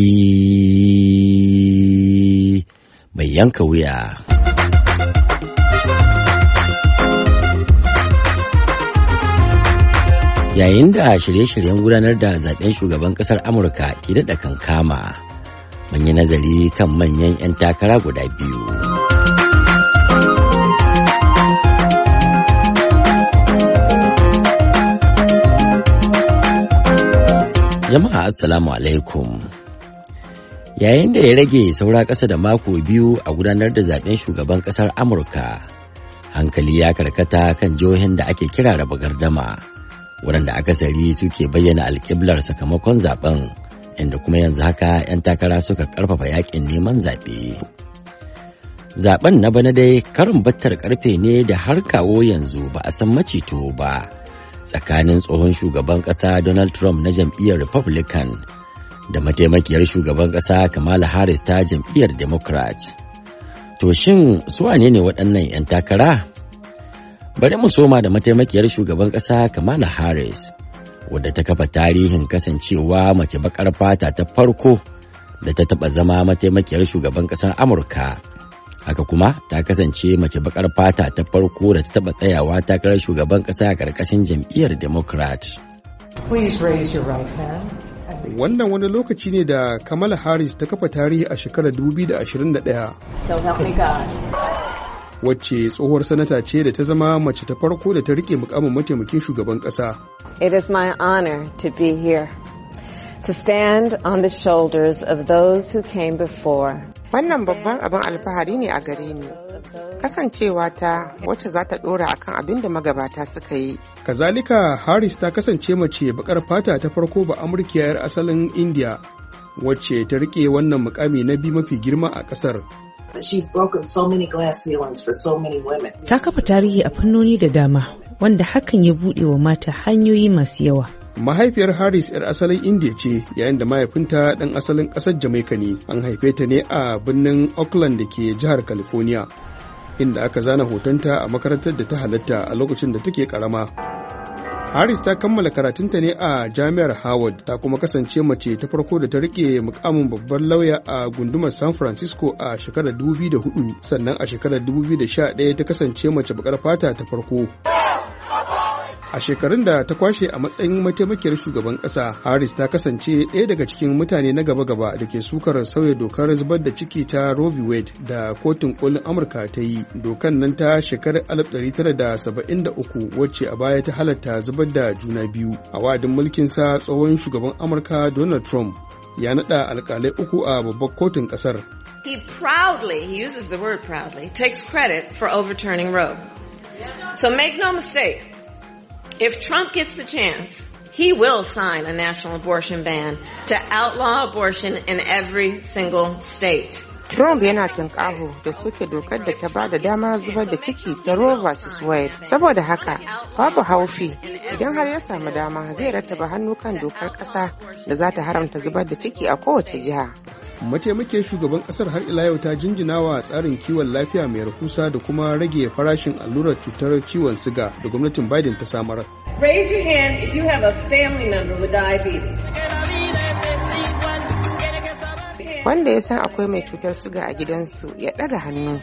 sarki mai yanka wuya. Yayin da shirye-shiryen gudanar da zaben shugaban ƙasar Amurka ke daɗa kankama, manyan nazari kan manyan 'yan takara guda biyu. Jama'a Assalamu alaikum. yayin da ya rage saura ƙasa da mako biyu a gudanar da zaben shugaban ƙasar amurka hankali ya karkata kan jihohin da ake kira raba gardama waɗanda akasari suke bayyana alƙiblar sakamakon zaben inda kuma yanzu haka 'yan takara suka ƙarfafa yaƙin neman zaɓe zaben na bana dai karin battar karfe ne da har kawo yanzu ba a san macito ba tsakanin tsohon shugaban ƙasa donald trump na jam'iyyar republican da mataimakiyar shugaban ƙasa Kamala Harris ta jam'iyyar Democrat. To shin su wane ne waɗannan 'yan takara? Bari mu soma da mataimakiyar shugaban ƙasa Kamala Harris, wadda ta kafa tarihin kasancewa mace baƙar fata ta farko da ta taɓa zama mataimakiyar shugaban ƙasar Amurka. Haka kuma ta kasance mace baƙar fata ta farko da ta taɓa tsayawa takarar shugaban ƙasa a ƙarƙashin jam'iyyar Democrat. Wannan wani lokaci ne da Kamala Harris ta kafa tarihi a shekarar 2021. Wacce tsohuwar sanata ce da ta zama mace ta farko da ta rike mukamin mataimakin shugaban ƙasa. It is my honor to be here. to stand on the shoulders of those who came before. Wannan babban abin alfahari ne a gare ni, kasancewa ta wacce za ta ɗora akan abin da magabata suka yi. Kazalika Harris ta kasance mace bakar fata ta farko ba 'yar asalin India wacce ta rike wannan mukami na biyu mafi girma a ƙasar. Ta kafa tarihi a fannoni da dama wanda hakan ya buɗe wa mata hanyoyi masu yawa. mahaifiyar harris 'yar asalin india ce yayin da mahaifinta ɗan asalin ƙasar Jamaika ne an haife ta ne a birnin auckland da ke jihar california inda aka zana hotonta a makarantar da ta halatta a lokacin da take karama harris ta kammala karatunta ne a jami'ar howard ta kuma kasance mace ta farko da ta rike mukamin babbar lauya a gundumar san francisco a shekarar 2004 sannan a shekarar 2011 ta kasance mace bakar fata ta farko A shekarun da ta kwashe a matsayin mataimakiyar shugaban ƙasa, Harris ta kasance ɗaya daga cikin mutane na gaba-gaba da ke sukar sauya dokar zubar da ciki ta Roe v. Wade da kotun kolin Amurka ta yi. Dokan nan ta shekarar 1973 wacce a baya ta halatta zubar da juna biyu. A wa'adin sa tsohon shugaban Amurka Donald Trump ya naɗa alƙalai uku a babbar kotun ƙasar. He proudly, he uses the word proudly, takes credit for overturning Roe. So make no mistake, If Trump gets the chance, he will sign a national abortion ban to outlaw abortion in every single state. Trump yana tunƙaho da soke dokar da ta ba da dama zubar da ciki ta Roe vs. Wade. Saboda haka, babu haufi idan har ya samu dama zai rattaba hannu kan dokar ƙasa da za ta haramta zubar da ciki a kowace jiha. Mataimake shugaban kasar har ila yau ta jinjinawa wa tsarin kiwon lafiya mai rahusa da kuma rage farashin allurar cutar ciwon siga da gwamnatin Biden ta samar. Raise wanda ya san akwai mai cutar suga a gidansu ya hannu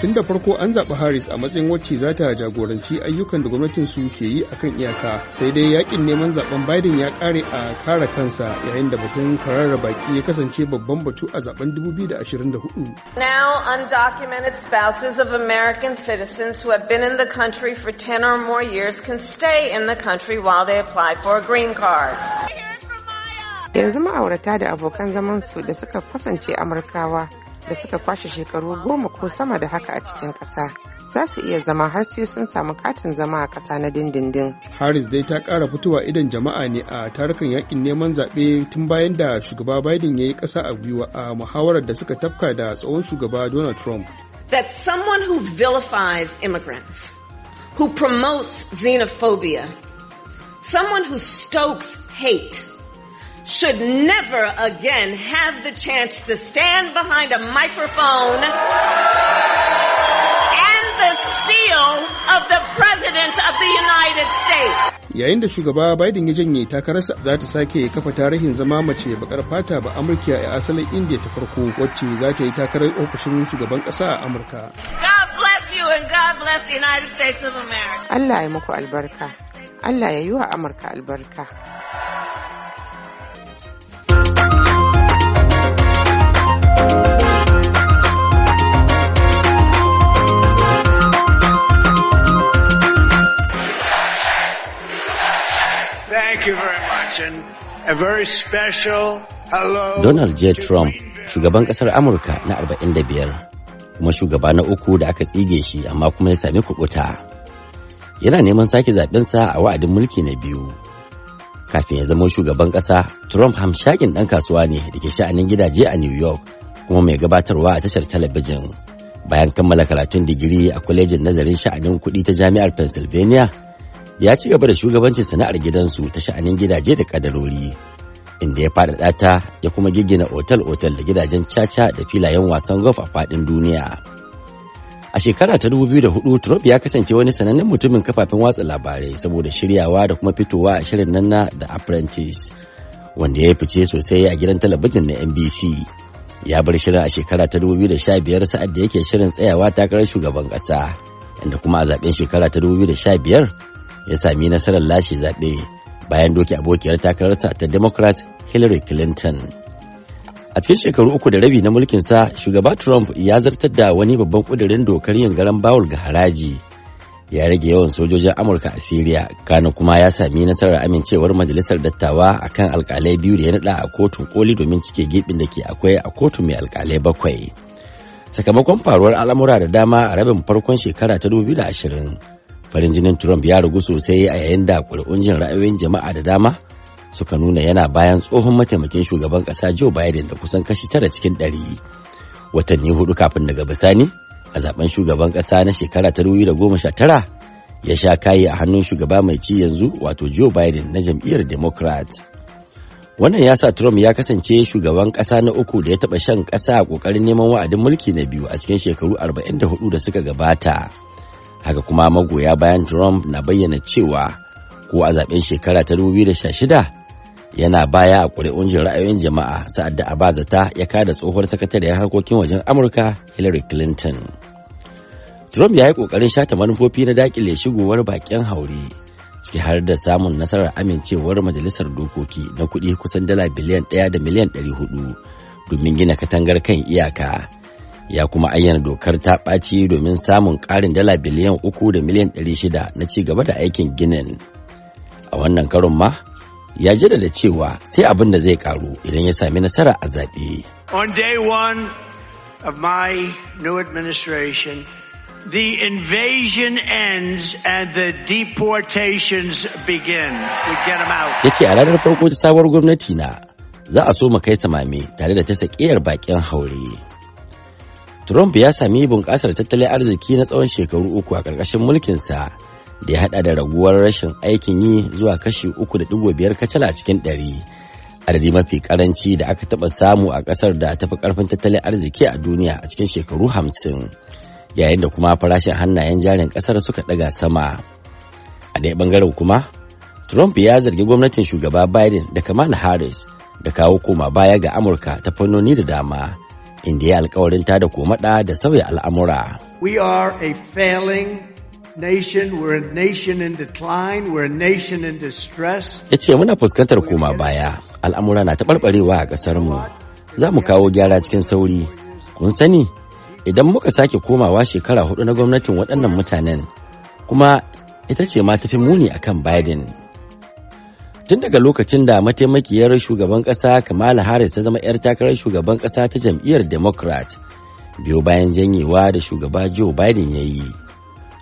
tun da farko an zaɓi harris a matsayin wacce za ta jagoranci ayyukan da gwamnatin su ke yi a kan iyaka sai dai yakin neman biden ya ƙare a kare kansa yayin da batun baki ya kasance babban batu a 2024 now undocumented spouses of american citizens who have been in the country for 10 or more years can stay in the country while they apply for a green card yanzu ma'aurata da abokan zaman su da suka kasance amurkawa da suka kwashe shekaru goma ko sama da haka a cikin ƙasa za su iya zama har sai sun samu katin zama a ƙasa na dindindin. Harris dai ta kara fitowa idan jama'a ne a tarukan yakin neman zaɓe tun bayan da shugaba Biden ya yi ƙasa a gwiwa a muhawarar da suka tafka da tsohon shugaba Donald Trump. That someone who vilifies immigrants, who promotes xenophobia, someone who stokes hate, should never again have the chance to stand behind a microphone and the seal of the President of the United States. Yayin da shugaba Biden ya janye takararsa za ta sake kafa tarihin zama mace bakar fata ba Amurka a asalin India ta farko wacce za ta yi takarar ofishin shugaban a Amurka. God bless you and God bless the United States of America. Allah ya muku albarka. Allah ya yi wa Amurka albarka. Donald J. Trump, shugaban kasar Amurka na 45, kuma shugaba na uku da aka tsige shi amma kuma ya sami kubuta. Yana neman sake zaɓensa a wa'adin mulki na biyu. Kafin ya zama shugaban ƙasa, Trump hamshakin ɗan kasuwa ne da ke sha'anin gidaje a New York kuma mai gabatarwa a tashar talabijin. Bayan kammala karatun digiri a kwalejin nazarin sha'anin kuɗi ta jami'ar Pennsylvania, ya ci gaba da shugabancin sana'ar gidansu ta sha'anin gidaje da kadarori inda ya faɗaɗa ta ya kuma giggina otal-otal da gidajen caca da filayen wasan golf a faɗin duniya. A shekara ta 2004 Trump ya kasance wani sanannen mutumin kafafen watsa labarai saboda shiryawa da kuma fitowa a shirin nan na The Apprentice wanda ya fice sosai a gidan talabijin na NBC. Ya bar shirin a shekara ta 2015 sa'ad da yake shirin tsayawa takarar shugaban ƙasa inda kuma a zaben shekara ta 2015 ya sami nasarar lashe zaɓe bayan doki abokiyar takararsa ta democrat hillary clinton a cikin shekaru uku da rabi na mulkinsa shugaba trump ya zartar da wani babban kudirin dokar yin garan bawul ga haraji ya rage yawan sojojin amurka a syria kano kuma ya sami nasarar amincewar majalisar dattawa a kan alkalai biyu da ya naɗa a kotun koli domin cike gibin da ke akwai a kotun mai alkalai bakwai sakamakon faruwar al'amura da dama a rabin farkon shekara ta 2020 farin jinin trump ya ragu sosai a yayin da ƙuri'un jin ra'ayoyin jama'a da dama suka nuna yana bayan tsohon mataimakin shugaban ƙasa joe biden da kusan kashi tara cikin ɗari watanni hudu kafin daga bisani a zaben shugaban ƙasa na shekara ta da goma sha tara ya sha kayi a hannun shugaba mai ci yanzu wato joe biden na jam'iyyar democrat wannan ya sa trump ya kasance shugaban ƙasa na uku da ya taɓa shan ƙasa a kokarin neman wa'adin mulki na biyu a cikin shekaru arba'in da hudu da suka gabata haka kuma magoya bayan trump na bayyana cewa ko a zaben shekara ta 2016 yana baya a ƙuri'un jin ra'ayoyin jama'a sa'ad da abazata ya kada tsohuwar sakatariyar harkokin wajen amurka hillary clinton trump ya yi ƙoƙarin shata manufofi na dakile shigowar baƙin haure ciki har da samun nasarar amincewar majalisar dokoki na kuɗi kusan dala biliyan ɗaya da miliyan ɗari hudu domin gina katangar kan iyaka ya kuma ayyana dokar ta ɓaci domin samun ƙarin dala biliyan uku da miliyan ɗari shida na ci gaba da aikin ginin a wannan karon ma ya jira da cewa sai abin da zai karu idan ya sami nasara a zaɓe. on day one of my new administration the invasion ends and the deportations begin we get them out ya ce a ranar farko ta sabuwar gwamnati na za a so mu kai samame tare da ta sakiyar bakin haure Trump ya sami bunƙasar tattalin arziki na tsawon shekaru uku a ƙarƙashin mulkinsa da ya haɗa da raguwar rashin aikin yi zuwa kashi uku da digo biyar kacala cikin ɗari. Adadi mafi ƙaranci da aka taɓa samu a ƙasar da tafi ƙarfin tattalin arziki a duniya a cikin shekaru hamsin. Yayin da kuma farashin hannayen jarin ƙasar suka ɗaga sama. A ɗaya ɓangaren kuma, Trump ya zargi gwamnatin shugaba Biden da Kamala Harris da kawo koma baya ga Amurka ta fannoni da dama. inda ya alkawarin ta da komada da sauya al'amura. We are a failing nation, we're a nation in decline, we're a nation in distress. Ya ce muna fuskantar koma baya, al'amura na taɓarɓarewa a ƙasarmu. Za mu kawo gyara cikin sauri. Kun sani, idan muka sake komawa shekara hudu na gwamnatin waɗannan mutanen, kuma ita ce ma tafi muni akan Biden. tun daga lokacin da mataimakiyar shugaban kasa kamala harris ta zama 'yar takarar shugaban kasa ta jam'iyyar democrat biyo bayan janyewa da shugaba joe biden ya yi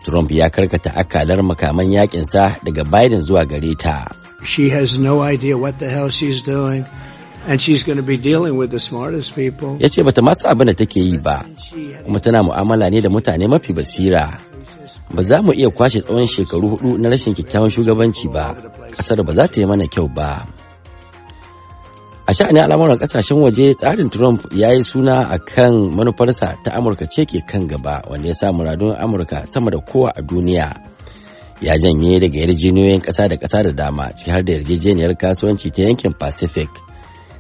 trump ya karkata akalar makaman yakinsa daga biden zuwa gare ta she has no idea what the hell she's doing and she's be dealing with the smartest people yace bata masu abin da take yi ba kuma tana mu'amala ne da mutane mafi basira ba za mu iya kwashe tsawon shekaru hudu na rashin kyakkyawan shugabanci ba kasar ba za ta yi mana kyau ba a sha'anin al'amuran kasashen waje tsarin trump ya yi suna a kan manufarsa ta amurka ce ke kan gaba wanda ya sa muradun amurka sama da kowa a duniya ya janye daga yarjejeniyoyin kasa da kasa da dama ciki har da yarjejeniyar kasuwanci ta yankin pacific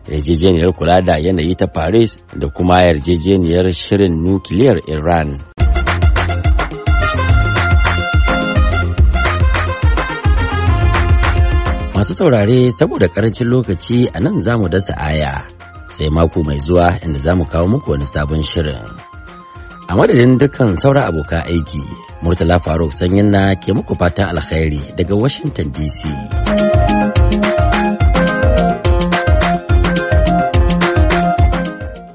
yarjejeniyar kula da yanayi ta paris da kuma yarjejeniyar shirin nukiliyar iran Masu saurare saboda karancin lokaci a nan za mu dasa aya sai mako mai zuwa inda za mu kawo muku wani sabon shirin. A madadin dukkan sauran abokan aiki, Murtala Faruk Sanyin na ke muku fatan alkhairi daga Washington DC.